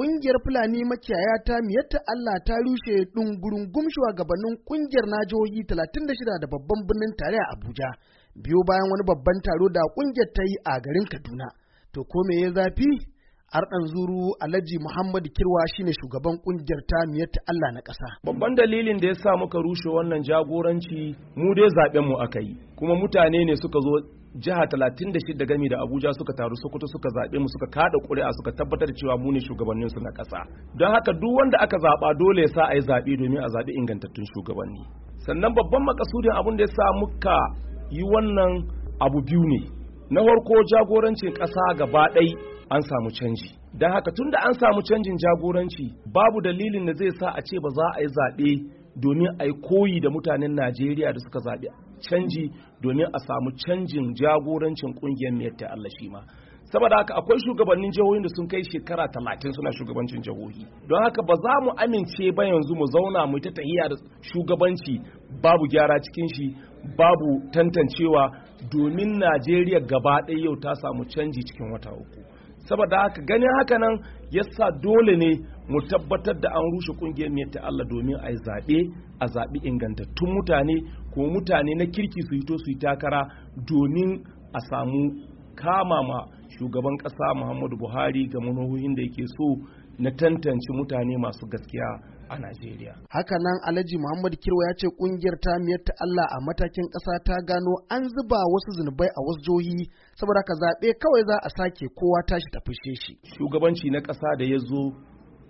Ƙungiyar Fulani makiyaya ta miyatta Allah ta rushe ɗungurungum gabanin ƙungiyar na jihohi 36 da babban birnin tarayya Abuja, biyo bayan wani babban taro da ƙungiyar ta yi a garin Kaduna. To ko me ya zafi Arɗan Zuru Alhaji Muhammad Kirwa shine shugaban kungiyar tamiyar ta Allah na ƙasa. Babban dalilin da ya sa muka rushe wannan jagoranci mu dai zaɓen mu aka yi kuma mutane ne suka zo jiha 36 gami da Abuja suka taru Sokoto suka zaɓe mu suka kada ƙuri'a suka tabbatar cewa mu ne shugabannin na ƙasa. Don haka duk wanda aka zaɓa dole ya sa a yi zaɓe domin a zaɓi ingantattun shugabanni. Sannan babban makasudin abin da ya sa muka yi wannan abu biyu ne. Na farko jagorancin ƙasa gaba ɗaya an samu canji don haka tunda an samu canjin jagoranci babu dalilin da zai sa a ce ba za a yi zaɓe domin a yi koyi da mutanen najeriya da suka zaɓi canji domin a samu canjin jagorancin ƙungiyar miyar ta Allah shi ma saboda haka akwai shugabannin jihohin da sun kai shekara talatin suna shugabancin jihohi don haka ba za mu amince ba yanzu mu zauna mu ta tahiya da shugabanci babu gyara cikin shi babu tantancewa domin najeriya gaba ɗaya yau ta samu canji cikin wata uku saboda haka ganin haka nan sa dole ne mu tabbatar da an rushe kungiyar ne ta Allah domin a yi zaɓe a zaɓi ingantattun mutane ko mutane na kirki su hito su yi takara domin a samu kama ma shugaban ƙasa Muhammadu Buhari ga manohohin da yake so na tantance mutane masu gaskiya a Najeriya. Hakanan Alhaji Muhammad Kirwa ya ce kungiyar ta miyar ta Allah a matakin ƙasa ta gano an zuba wasu zunubai a wasu jihohi saboda ka zaɓe kawai za a sake kowa tashi ta fushe shi. Shugabanci na ƙasa da ya zo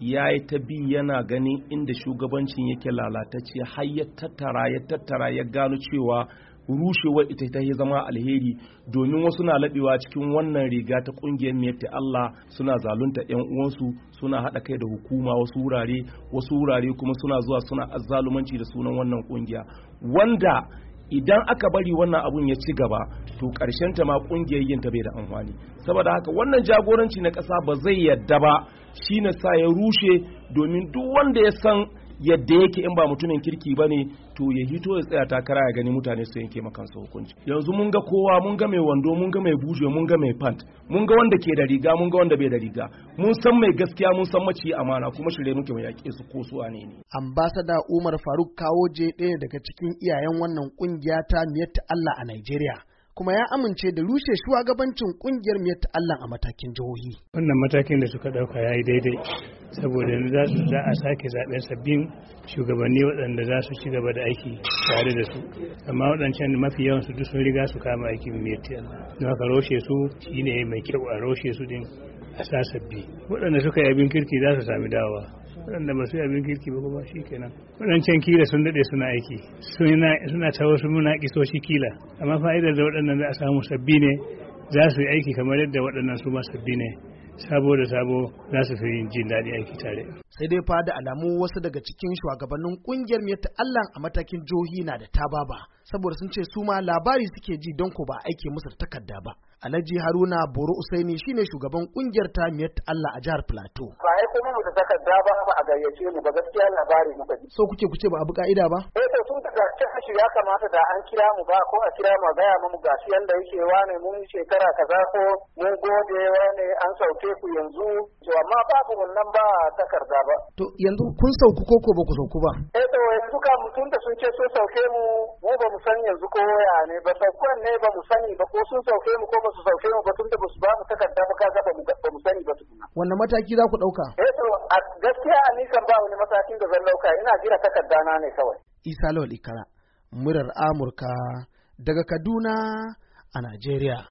ya yi ta bi yana ganin inda shugabancin yake lalatacce har ya tattara ya tattara ya gano cewa rushewar ita ta yi zama alheri domin wasu na laɓewa cikin wannan riga ta ƙungiyar ta Allah suna zalunta 'yan uwansu suna haɗa kai da hukuma wasu wurare wasu wurare kuma suna zuwa suna azalumanci da sunan wannan ƙungiya wanda idan aka bari wannan abun ya ci gaba to ƙarshen ta ma ƙungiyar yin ta bai da amfani saboda haka wannan jagoranci na ƙasa ba zai yadda ba shi shine sa ya rushe domin duk wanda ya san yadda yake in ba mutumin kirki ba ne to ya hito ya tsaya takara ya gani mutane su yanke maka hukunci yanzu mun ga kowa mun ga mai wando mun ga mai buje mun ga mai pant mun ga wanda ke da riga mun ga wanda bai da riga mun san mai gaskiya mun san maci amana kuma shirye muke mu yaƙe su ko su wane ne ambassador Umar Faruk kawo je ɗaya daga cikin iyayen wannan kungiya ta Miyatta Allah a Najeriya kuma ya amince da rushe shugabancin kungiyar miyarta Allah a matakin jihohi wannan matakin da suka dauka yayi daidai saboda yanzu za a sake zaɓen sabbin shugabanni waɗanda za su ci gaba da aiki tare da su amma waɗancan mafi yawan su duk sun riga su kama aikin miyar na haka roshe su shine mai kyau a roshe su din a sa sabbi waɗanda suka yi abin kirki za su sami dawa waɗanda ba su yi abin kirki ba kuma shi kenan waɗancan kila sun daɗe suna aiki suna ta wasu muna ƙisoshi kila amma fa'idar da waɗannan za a samu sabbi ne za su yi aiki kamar yadda waɗannan su ma sabbi ne sabo da sabo za su fi jin daɗi aiki tare. Sai dai fa da alamu wasu daga cikin shugabannin ƙungiyar mai Allah a matakin jihohi na da tababa saboda sun ce su ma labari suke ji don ko ba aike musu takarda ba. Alhaji Haruna Boro Usaini shine shugaban kungiyar Tamiyar Allah a jihar Plateau. Ba ai kuma mu ta takarda ba ba a gayyace mu ba gaskiya labari muka ji. So kuke kuce ba abu ka'ida ba? Eh to sun daga hashi ya kamata da an kira mu ba ko a kira mu gaya mu gashi yanda yake ne mun shekara kaza ko mun gode wane an sauke ku yanzu to amma babu wannan ba takarda ba. To yanzu kun sauku ko ko ba ku sauku ba? Eh, cewa suka mutum da sun ce sun sauke mu mu ba mu san yanzu ko waya ne ba saukuwan ne ba mu sani ba ko sun sauke mu ko ba su sauke mu ba tun da ba su ba mu takarda ba kaga ba mu sani ba tukuna. Wanne mataki za ku ɗauka? Eh to a gaskiya ni kan ba wani matakin da zan ɗauka ina jira takarda na ne kawai. Isa Lawal Ikara, murar Amurka daga Kaduna a Najeriya.